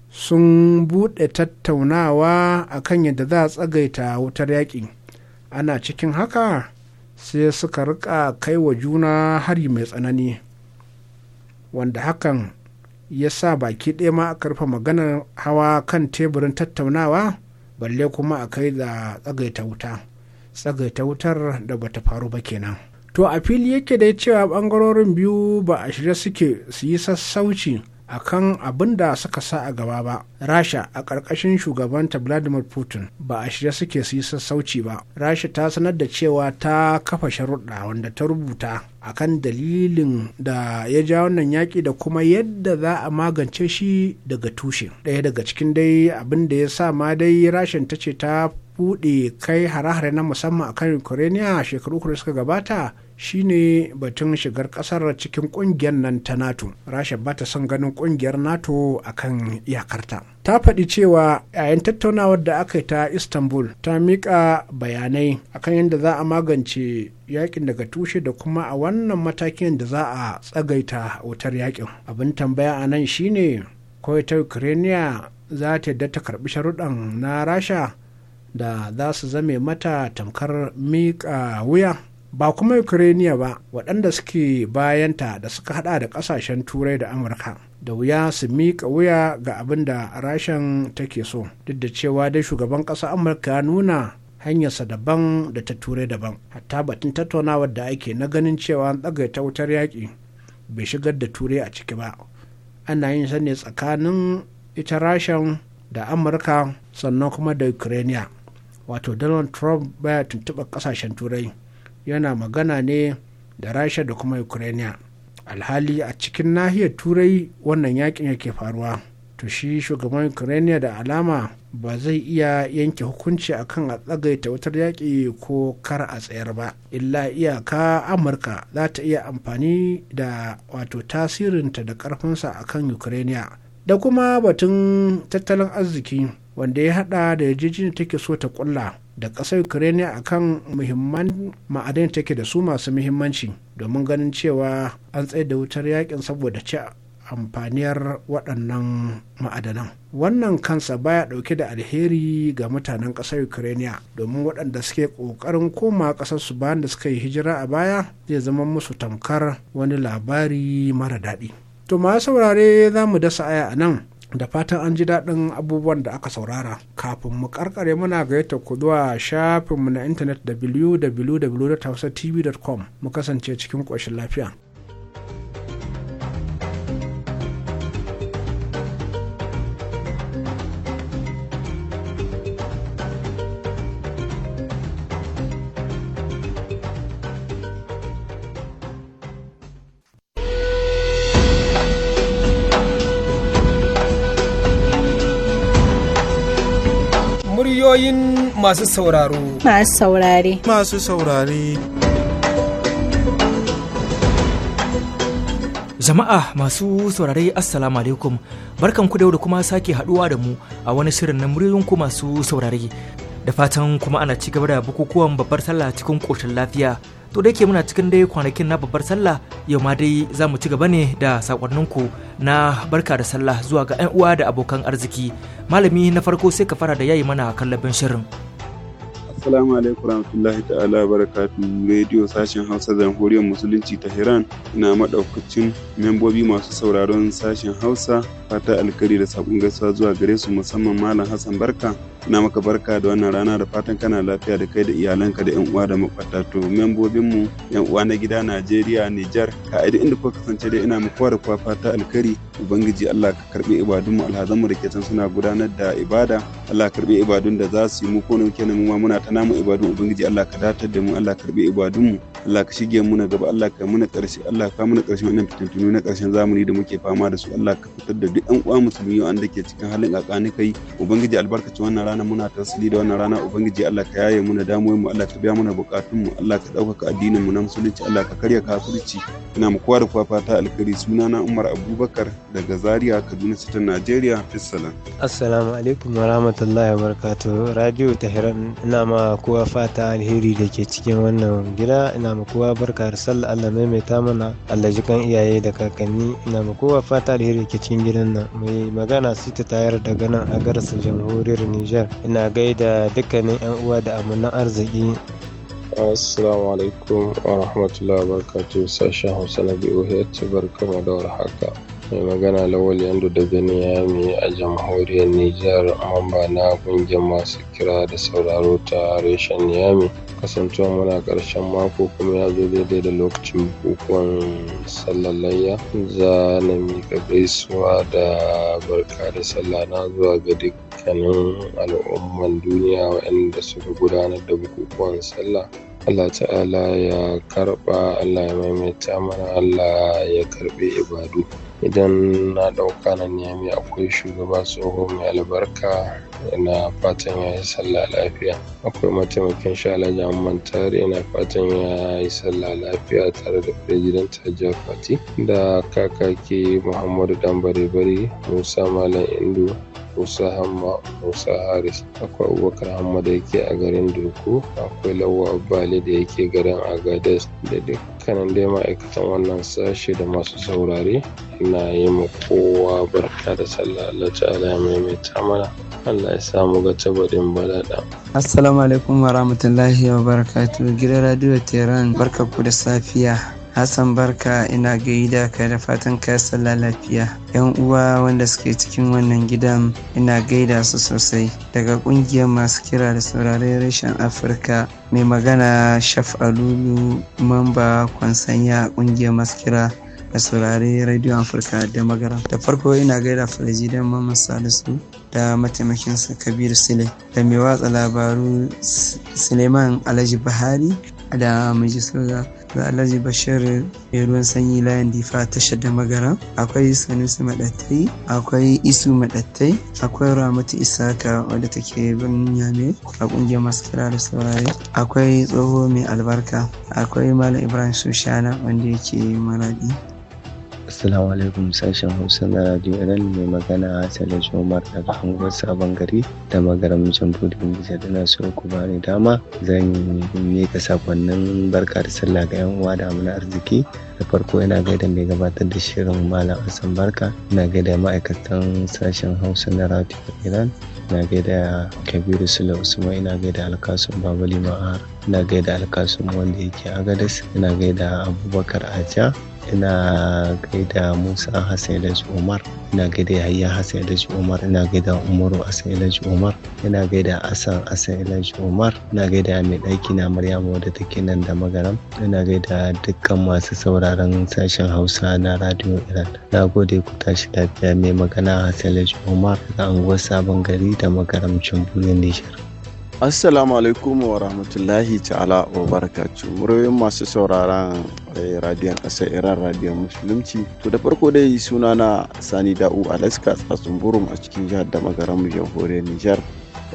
E: sun buɗe tattaunawa a kan yadda za a tsagaita wutar yaƙi ana cikin haka sai suka rika kai wa juna hari mai tsanani wanda hakan ya sa baki ɗaya ma aka rufe maganar hawa kan teburin tattaunawa balle kuma a kai da tsagaita wuta tsagaita wutar da bata faru ba kenan to a fili yake dai cewa ɓangarorin biyu ba a shirya suke su yi sassauci a kan abin da suka sa a gaba ba rasha a ƙarƙashin shugabanta vladimir putin ba a shirya suke su yi sassauci ba rasha ta sanar da cewa ta kafa sharuɗa wanda ta rubuta a kan dalilin da ya ja wannan yaƙi da kuma yadda za a magance shi daga tushe ɗaya daga cikin dai abin da ya sa ma dai rashin ta ce ta buɗe kai hare-hare na musamman akan ukraine shekaru uku da suka gabata shine batun shigar kasar cikin kungiyar nan ta nato rasha ba ta son ganin kungiyar nato a kan iyakarta ta faɗi cewa yayin tattaunawar da aka yi ta istanbul ta miƙa bayanai akan yadda za a magance yakin daga tushe da kuma a wannan matakin da za a tsagaita wutar yakin abin tambaya a nan shine kawai ta ukraine za ta yadda ta karɓi sharuɗan na rasha da za su zame mata tamkar miƙa wuya ba kuma ukraine ba waɗanda suke bayanta da suka hada da ƙasashen turai da amurka da wuya su miƙa wuya ga abin da rashin take so duk da cewa dai shugaban ƙasa amurka ya nuna hanyarsa daban da ta turai daban hatta batun tattaunawar da ake na ganin cewa an ta wutar yaƙi bai shigar da turai a ciki ba ana yin sani tsakanin ita rashin da amurka sannan kuma da ukraine wato donald trump baya tuntuɓar ƙasashen turai yana magana ne da rasha da kuma ukraine alhali a cikin nahiyar turai wannan yakin yake faruwa to shi shugaban ukraine da alama ba zai iya yanke hukunci akan a tsagaita wutar yaƙi ko kar a tsayar ba illa iyaka amurka za ta iya amfani da wato tasirinta da ƙarfinsa akan ukraine da kuma batun tattalin arziki wanda ya haɗa da yarjejeniyar take so ta kulla da ƙasar ukraine a kan muhimman ma'adin take da su masu muhimmanci domin ganin cewa an tsaye da wutar yakin saboda ci amfaniyar waɗannan ma'adanan wannan kansa baya ɗauke da alheri ga mutanen ƙasar ukraine domin waɗanda suke ƙoƙarin koma ƙasar su bayan da suka yi hijira a baya zai zama musu tamkar wani labari mara daɗi to ma saurare za mu dasa aya a nan da fatan an ji daɗin abubuwan da aka saurara kafin mu karkare muna gayyata ku zuwa shafinmu na intanet www.hausatv.com mu kasance cikin ƙoshin lafiya.
D: ra'ayoyin masu sauraro.
C: Masu saurare. Masu saurare. Jama'a masu saurare Assalamu alaikum barkanku da da kuma sake haduwa da mu a wani shirin na muryoyinku masu saurare da fatan kuma ana ci gaba da bukukuwan babbar sallah cikin ƙoshin lafiya. to da yake muna cikin dai kwanakin na babbar sallah yau ma dai za mu ci gaba ne da sakonninku na barka da sallah zuwa ga 'yan uwa da abokan arziki malami na farko sai ka fara da yayi mana kallabin shirin
F: Assalamu alaikum warahmatullahi ta'ala barakatu Radio sashen Hausa Jamhuriyar Musulunci ta Iran ina madaukacin membobi masu sauraron sashen Hausa fata alkari da sabon gaisuwa zuwa gare su musamman Malam Hassan Barka ina maka barka da wannan rana da fatan kana lafiya da kai da iyalanka da yan uwa da makwabta to membobin mu yan uwa na gida Najeriya Niger ka aidi inda kuka kasance dai ina muku da kuwa fata alkari ubangiji Allah ka karbi ibadun mu alhazan mu da ke suna gudanar da ibada Allah ka karbi ibadun da za su yi mu ko ne kenan mu ma muna namu ibadun ubangiji Allah ka datar da mu Allah karbi ibadun mu Allah ka shige mu na gaba Allah ka muna karshe Allah ka muna karshen wannan fitintunu na karshen zamani da muke fama da su Allah ka fitar da duk ɗan uwa musulmi wanda ke cikin halin kakani kai ubangiji albarkaci, wannan rana muna tasiri da wannan rana ubangiji Allah ka yaye muna damuwar mu Allah ka biya muna bukatun mu Allah ka ka addinin mu na musulunci Allah ka karya kafirci ina mu kowa da kowa fata sunana Umar Abubakar daga Zaria Kaduna City Najeriya Fissalam
G: Assalamu alaikum wa rahmatullahi wa barakatuh Radio Tehran ina ma kowa fata alheri da ke cikin wannan gida ina ma kowa barka da sallah Allah maimaita mana Allah jikan iyaye da kakanni ina ma kowa fata alheri da ke cikin gidan nan mai magana su ta tayar daga nan a garsa jamhuriyar Nijar ina gaida dukkanin yan uwa da
H: amanan
F: arziki
H: Assalamu alaikum wa rahmatullahi wa barakatuh sashen Hausa na BOH barkamu da warhaka. haka. Mai magana Lawal Yando da Beniyami a jamhuriyar Nijar mamba na ƙungiyar masu kira da sauraro ta reshen Niyami. Kasancewa muna ƙarshen mako kuma ya zo daidai da lokacin bukukuwan sallalayya. Za na miƙa gaisuwa da barka da sallah na zuwa ga dukkanin al'umman duniya waɗanda suka gudanar da bukukuwan sallah. Allah ta'ala ya karɓa, Allah ya maimaita mana, Allah ya karɓi ibadu. idan na ɗauka na niyami akwai shugaba tsoho mai albarka yana fatan ya yi sallah lafiya akwai mataimakin sha alhaji amman tare yana fatan ya yi sallah lafiya tare da firajidan tajiyar fati da kakaki muhammadu dan bare musa malam indu Musa Hamma Musa Haris akwai Abubakar Hamma da yake a garin Durku akwai Lawa bali da yake garin Agades da dukkanin dai ma'aikatan wannan sashe da masu saurare ina yi ma kowa barka da sallah Allah ta'ala mai mai tamana Allah ya samu ga tabadin balada.
I: Assalamu alaikum wa rahmatullahi wa barakatuh gidan radio Tehran barka ku da safiya Hassan barka ina gaida ka da fatan ka sallah lafiya. Yan uwa wanda suke cikin wannan gidan ina gaida su sosai. Daga kungiyar masu kira da saurare reshen Afirka mai magana Shaf Alulu mamba kwansanya kungiyar masu kira da saurare Radio Afirka da magara. Da farko ina gaida Falajidan Mamman Salisu da mataimakinsa Kabiru Sule da mai watsa labaru Suleiman Alhaji Buhari da Majisoga. akwai alhaji bashir mai ruwan sanyi layan difa tashar da magara akwai sanusi madattai akwai isu madattai akwai ramatu isaka wadda take birnin yame a kungiyar masu kira da saurari akwai tsoho mai albarka akwai malam ibrahim sushana wanda yake maradi
J: Assalamu alaikum sashen Hausa na Radio Iran mai magana Hassan Jomar daga Angon Sabon Gari da magaram da Nijar da so ku ni dama zan yi ka sakonnin barka da sallah ga yan uwa da amana arziki da farko yana gaida mai gabatar da shirin Malam Hassan Barka ina gaida ma'aikatan sashen Hausa na Radio Iran ina gaida Kabiru Sula Usman ina gaida Alkasun Babali Ma'ar ina gaida Alkasun wanda yake Agadas ina gaida Abubakar Aja ina gaida musa hassan laji umar ina gaida yahaya hassan laji umar ina gaida umaru hassan laji umar ina gaida asan hassan laji umar ina gaida mai ɗaki na maryamu wadda take nan da magaram ina gaida dukkan masu sauraron sashen hausa na radio iran na gode ku tashi lafiya mai magana hassan laji umar daga unguwar sabon gari da magaramcin burin nijar Assalamu alaikum wa rahmatullahi ta'ala wa barakatu. Muryoyin masu sauraron eh, radiyon ƙasar Iran radiyon Musulunci. To da farko dai suna na Sani Da'u Alaska a burum a cikin jihar da magaran jamhuriyar Nijar.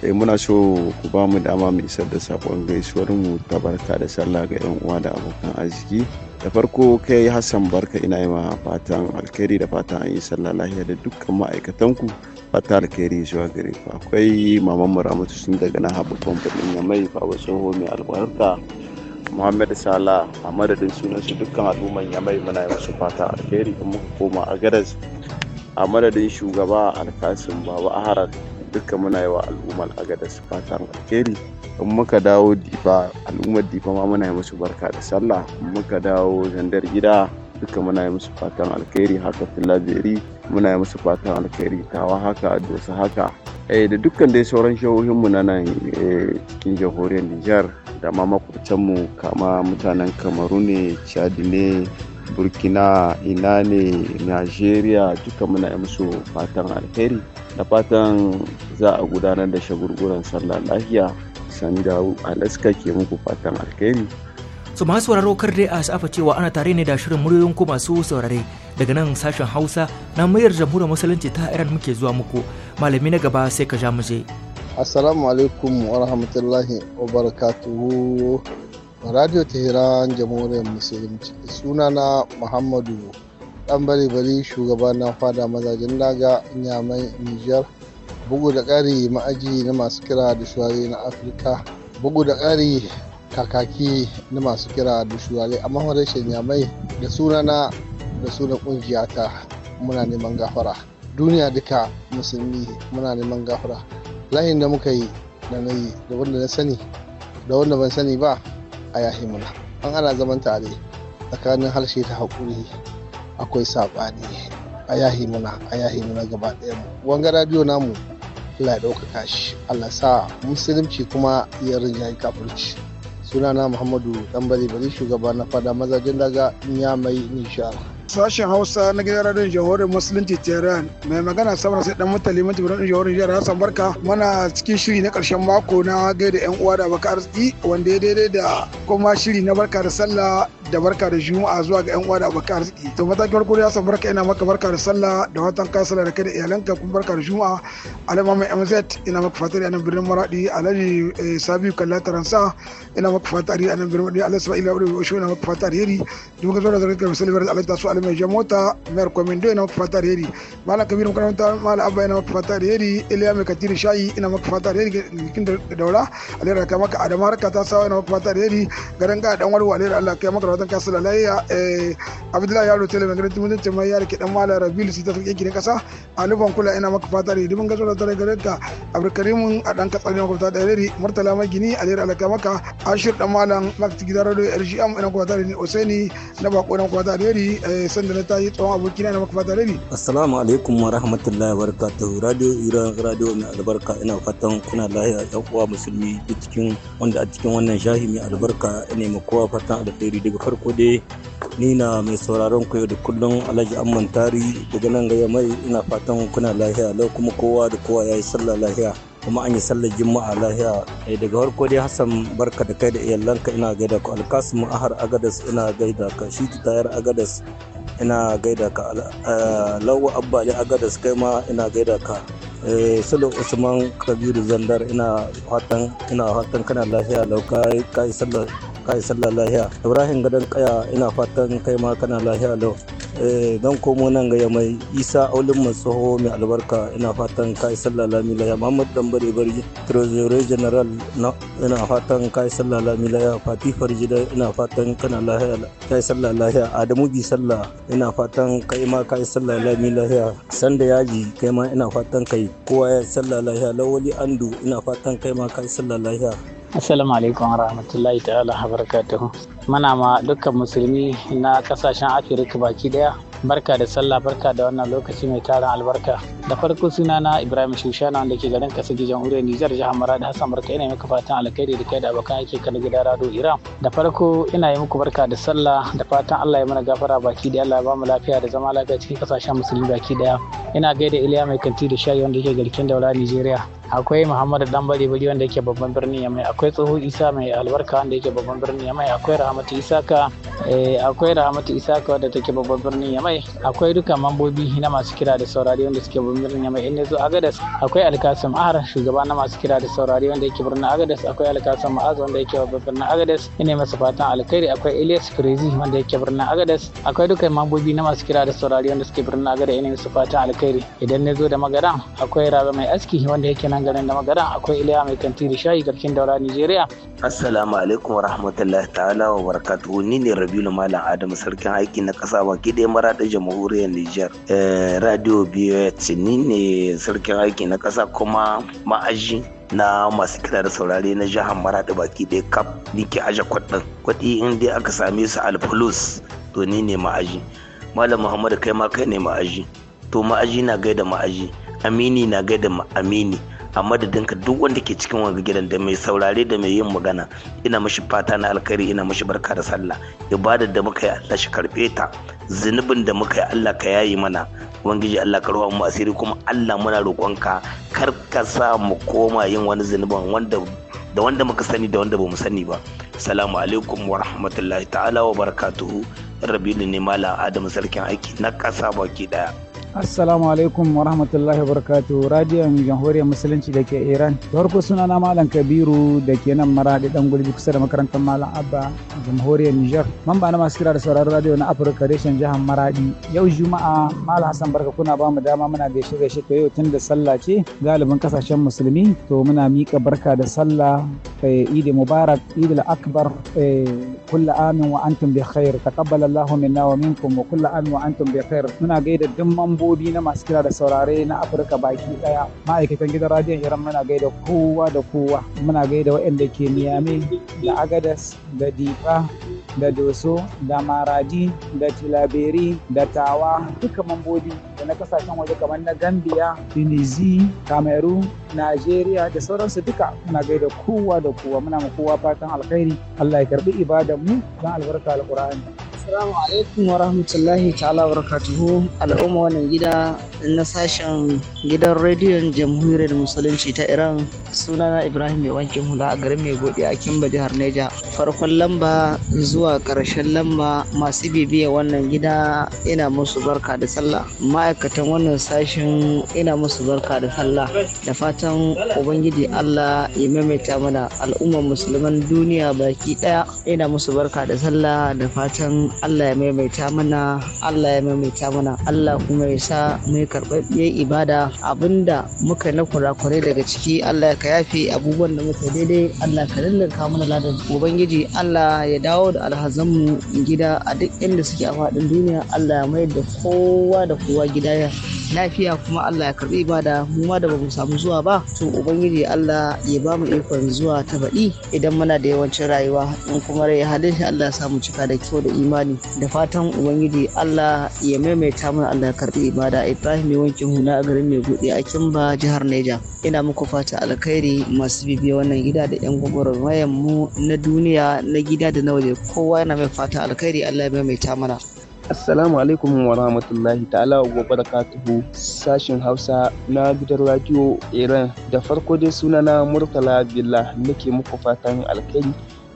J: Eh muna so ku ba mu dama mu isar da sakon gaisuwar mu ta barka da sallah ga yan uwa da abokan arziki. Da farko kai Hassan Barka ina yi ma fatan alkhairi da fatan an yi sallah lahiya da dukkan ma'aikatanku. ku. fata alheri zuwa gare ku akwai maman muramatu sun daga na haɓu ɗin ya mai fa tsoho mai albarka muhammad sala a madadin sunansu dukkan al'umman ya mai muna yi wasu fata alheri in muka koma a gadas a madadin shugaba alkasin baba harar duka muna yi wa al'ummar a gadas fatan alkhairi in muka dawo difa al'ummar difa ma muna yi musu barka da sallah muka dawo zandar gida duka muna yi musu fatan alkhairi haka filaberi muna yi musu fatan alkhairi tawa haka dosa haka eh, da dukkan dai sauran shahohinmu na nan eh, cikin jamhuriyar nijar da ma makwabtanmu kama mutanen kamaru ne chadi ne burkina ina ne nigeria duka muna yi musu fatan alkhairi da fatan za a gudanar da shagurguran sallah lafiya sanda alaska ke muku fatan alheri
C: su masu sauraro kar dai a safa cewa ana tare ne da shirin muryoyin ku masu saurare daga nan sashen hausa na muryar jamhuriyar musulunci ta iran muke zuwa muku malami na gaba sai ka ja mu je
K: assalamu alaikum wa rahmatullahi wa barakatuhu radio tehran jamhuriyar musulunci sunana muhammadu dan bari bari shugaba na fada mazajen daga nyamai niger bugu da kari ma'aji na masu kira da shuwari na afirka bugu da kari. kakaki na masu kira da shuwale amma rashin yamai da sunana da sunan ƙungiyata muna neman gafara duniya duka musulmi muna neman gafara layin da muka yi da na yi da wanda na sani da wanda ban sani ba a yahi muna an ana zaman tare tsakanin harshe ta haƙuri akwai saɓani a yahi muna a yahi muna gaba ɗaya wanga radio namu Allah ya ɗaukaka shi Allah sa musulunci kuma ya rinjaye kafirci. sunana muhammadu tambari bari shugaba na fada mazajen daga mai nishar
L: Sashen Hausa na gidan radiyon jihohin Musulunci Tehran mai magana saboda sai dan mutali mutum radiyon jihohin jihar Hassan Barka mana cikin shiri na karshen mako na gaida yan uwa da abokan arziki wanda ya daidai da kuma shiri na barka da sallah da barka da juma'a zuwa ga yan uwa da abokan arziki. To matakin farko da hassan barka ina maka barka da sallah da watan ka da kai da iyalanka kuma barka da juma'a MZ ina maka birnin birnin Maradi Alhaji eh, Sabiu Kalla Taransa ina maka birnin birnin Maradi Alhaji Sabiu Kalla Taransa ina maka birnin birnin birnin birnin birnin birnin malam mai jamota mayar kwamindo ina maka fatar yari malam kabiru makaranta malam abba ina maka fatar yari iliya mai katiri shayi ina maka fatar yari gikin da daura alera ka maka adama harka ta sawa ina maka fatar yari garin ga dan warwa alera allah kai maka rawatan kasu lalaya eh, abdullahi yaro tele mai garin tumutin ce mai yari ke dan malam rabilu su ta fi yankin kasa alufan kula ina maka fatar yari mun gaso da tare garin ta karimun a dan katsari maka fatar yari murtala mai gini alera allah kai maka ashir dan malam makti gidan rado rgm ina kwata fatar yari oseni na bako ina kuma fatar yari da na tashi tsawon aboki na maka fata rabi
M: assalamu alaikum wa rahmatullahi wa barakatuhu radio iran radio mai albarka ina fatan kuna lahiya yan uwa musulmi duk cikin wanda a cikin wannan shahi mai albarka ne ma kowa fatan alheri daga farko dai ni na mai sauraron ku yau da kullum alhaji amman tari daga nan gaya mai ina fatan kuna lahiya lau kuma kowa da kowa yayi yi sallah lahiya kuma an yi sallar juma'a lahiya eh, daga farko dai hassan barka da kai da iyalanka ina gaida ku alkasimu ahar agadas ina gaida ka shi tayar agadas ina gaida ka eh, lawa abbali agadas kai ma ina gaida ka eh, sulu usman kabiru zandar ina fatan ina fatan kana lahiya lau kai sallar lahiya. ibrahim gadon kaya ina fatan kai ma kana lahiya lau dan eh, komo nan ga mai isa aulin matsoho mai albarka ina fatan kai sallah lami laya muhammad dambare bari trezorer general ina fatan kai sallah lami laya fati farjida ina fatan kana lahiya kai sallah lahiya adamu bi sallah ina fatan kai ma kai sallah lami lahiya sanda yaji kai ma ina fatan kai
G: kowa ya sallah lahiya lawali andu ina fatan kai ma kai sallah lahiya Assalamu alaikum rahmatullahi ta'ala barakatuhu. Muna ma dukkan musulmi na kasashen Afirka baki daya. Barka da sallah barka da wannan lokaci mai taron albarka. Da farko suna na Ibrahim Shushana wanda ke garin kasa gijan Uriyar Nijar jihar Maradi Hassan Barka ina maka fatan alkhairi da kai da abokan aiki kan gida Rado Iran. Da farko ina yi muku barka da sallah da fatan Allah ya mana gafara baki da Allah ya ba lafiya da zama lafiya cikin kasashen musulmi baki daya. Ina gaida Iliya mai kanti da shayi wanda yake garkin daura Nijeriya. akwai muhammadu dan bari bari wanda yake babban birnin yamai akwai tsoho isa mai albarka wanda yake babban birnin yamai akwai rahamatu isaka eh, akwai rahamatu isaka wanda take babban birnin yamai akwai duka mambobi na masu kira da saurari wanda suke babban birnin yamai in zo agadas akwai alkasim ahar shugaba na masu kira da saurari wanda yake birnin agadas akwai alkasim ma'az wanda yake babban birnin agadas ina masa fatan alkhairi akwai Elias Firizi wanda yake birnin agadas akwai duka mambobi na masu kira da saurari wanda suke birnin agadas ina masa fatan alkhairi idan na zo da Magadan akwai rabe mai aski wanda yake na nan garin da magaran akwai Iliya mai kanti da shayi garkin daura Nigeria. Assalamu alaikum wa rahmatullahi
N: ta'ala wa barakatu ni ne Rabiul Malam Adamu sarkin aiki na kasa baki da maradin jamhuriyar Niger. Eh, Radio BOH ni ne sarkin aiki na kasa kuma ma'aji na masu kira da saurare na jihar maradi baki dai KAP. nike aje kwaɗin Kwadi in dai aka same su alfulus to ni ne ma'aji malam muhammadu kai ma kai ne ma'aji to ma'aji na gaida ma'aji amini na gaida amini a madadinka duk wanda ke cikin wani gidan da mai saurare da mai yin magana ina mashi fata na alkhairi ina mashi barka da sallah ibada da muka yi Allah shi karbe ta zunubin da muka yi Allah ka yayi mana ubangiji Allah ka ruwa mu asiri kuma Allah muna roƙonka kar ka sa mu koma yin wani zunubin wanda da wanda muka sani da wanda bamu sani ba assalamu alaikum wa rahmatullahi ta'ala wa barakatuhu rabbi ne mala adam sarkin aiki na kasa baki daya
D: Assalamu alaikum wa rahmatullahi wa Radiyon Jamhuriyar Musulunci da ke Iran. Da farko suna na Malam Kabiru da ke nan Maradi dan gulbi kusa da makarantar Malam Abba a Jamhuriyar Nijar. Mamba na masu kira da sauraron radio na Afirka reshen jihar Maradi. Yau Juma'a Malam Hassan Barka kuna ba mu dama muna gaishe gaishe to yau tun da sallah ce galibin kasashen musulmi to muna mika barka da sallah eh, Eid Mubarak Idi Akbar kullu eh, amin wa antum bi khair Taqabbalallahu minna wa minkum wa kullu amin wa antum bi khair muna gaida dukkan Mambobi na masu kira da saurare na Afirka baki daya. Ma'aikatan gidan radiyon Iran muna gaida kowa da kowa. Muna gaida waɗanda ke Niyame da Agadas da Difa da Doso da Maradi da Tilaberi da Tawa duka mambobi da na kasashen waje kamar na Gambia, Tunisia, Cameroon, Najeriya da sauransu duka muna gaida kowa da kowa muna ma kowa fatan alkhairi Allah ya karbi ibadan mu don albarka alkur'ani
I: Assalamu alaikum wa rahmatullahi ta'ala wa rakatuhu al'umma wannan gida na sashen gidan rediyon jamhuriyar musulunci ta Iran sunana Ibrahim mai wankin hula a garin mai godi a Kimba jihar Neja farkon lamba zuwa karshen lamba masu bibiya wannan gida ina musu barka da sallah ma'aikatan wannan sashen ina musu barka da sallah da fatan ubangiji Allah ya maimaita mana al'ummar musulman duniya baki daya ina musu barka da sallah da fatan Allah ya maimaita mana Allah ya maimaita mana Allah kuma ya sa mai karɓaɓɓiyar ibada abinda muka na kurakurai daga ciki Allah ka yafi abubuwan da muka daidai Allah ka lallaka mana ladan ubangiji Allah ya dawo da alhazanmu gida a duk inda suke a faɗin duniya Allah ya mayar da kowa da kowa gida ya lafiya kuma Allah ya karbi ibada mu ma da bamu samu zuwa ba to ubangiji Allah ya bamu ikon zuwa ta baɗi idan muna da yawancin rayuwa in kuma rai halin Allah ya samu cika da kyau da imani da fatan ubangiji Allah ya maimaita mana Allah ya karbi ibada Ibrahim ya wanke huna a garin mai gudi a Kimba jihar Neja ina muku fata alkhairi masu bibiya wannan gida da yan wayan mu na duniya na gida da na waje kowa yana mai fata alkhairi Allah ya maimaita mana Assalamu alaikum wa rahmatullahi ta'ala wa barakatuhu sashen Hausa na gidan
N: Radio Iran da farko dai sunana Murtala Billah nake muku fatan alkhairi.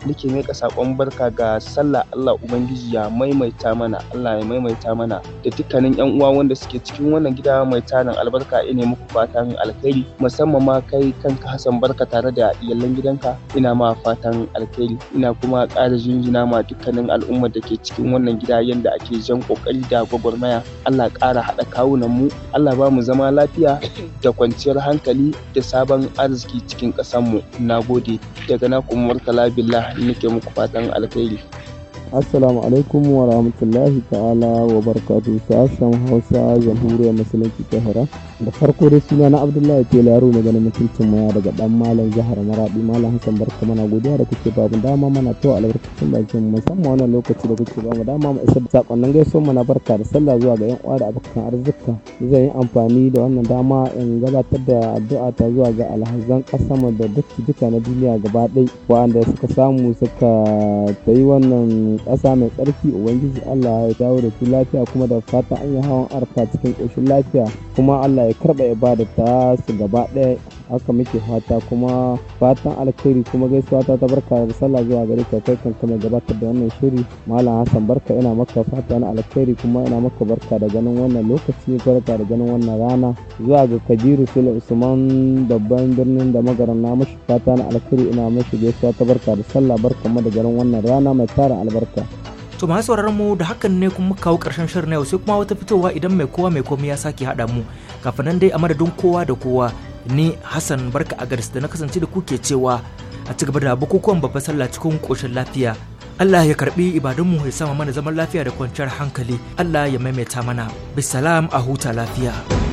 N: nake miƙa saƙon barka ga sallah Allah Ubangiji ya maimaita mana Allah ya maimaita mana da dukkanin yan uwa wanda suke cikin wannan gida mai tarin albarka ina muku fatan alkhairi musamman ma kai kanka Hassan barka tare da iyalan gidanka ina ma fatan alkhairi ina kuma ƙara jinjina ma dukkanin al'ummar da ke cikin wannan gida yanda ake jan kokari da gwagwarmaya Allah ƙara haɗa kawunan mu Allah ba mu zama lafiya da kwanciyar hankali da sabon arziki cikin ƙasar mu nagode daga na kuma Murtala Billah nike muku fatan alkhairi
M: assalamu alaikum wa rahmatullahi ta'ala wa barakatu sashen hausa jamhuriyar musulunci ta hira da farko da suna na abdullahi ke laro na ganin mutuncin maya daga dan malam jihar maradi malam hassan barka mana godiya da kuke babu dama mana to albarkacin bakin musamman wannan lokaci da kuke bamu dama mu isa sakonnin gaisuwar mana barka da sallah zuwa ga yan uwa da abokan arzika zan yi amfani da wannan dama in gabatar da addu'a ta zuwa ga alhazan kasama da dukki duka na duniya gaba ɗaya waɗanda suka samu suka ta yi wannan ƙasa mai ƙarfi ubangiji allah ya dawo da su lafiya kuma da fata an yi hawan arka cikin ƙoshin lafiya kuma allah ya karɓa ibadar ta su gaba ɗaya haka muke fata kuma fatan alkhairi kuma gaisuwa ta ta barka da sallah zuwa gare ka kai kanka mai gabatar da wannan shiri malam hassan barka ina maka fata na alkhairi kuma ina maka barka da ganin wannan lokaci barka da ganin wannan rana zuwa ga kabiru sule usman babban birnin da magaran na mashi fata na alkhairi ina mashi gaisuwa ta barka da sallah barka da ganin wannan rana mai tara albarka
C: to masu sauraron mu da hakan ne kuma kawo karshen shirin na yau sai kuma wata fitowa idan mai kowa mai komai ya sake haɗa mu kafin nan dai a madadin kowa da kowa ni Hassan Barka garis da na kasance da kuke ke cewa a ci gaba da bukukuwan babbar sallah cikin koshin lafiya Allah ya karbi ibadunmu ya sama mana zaman lafiya da kwanciyar hankali Allah ya maimaita mana bisalam a huta lafiya.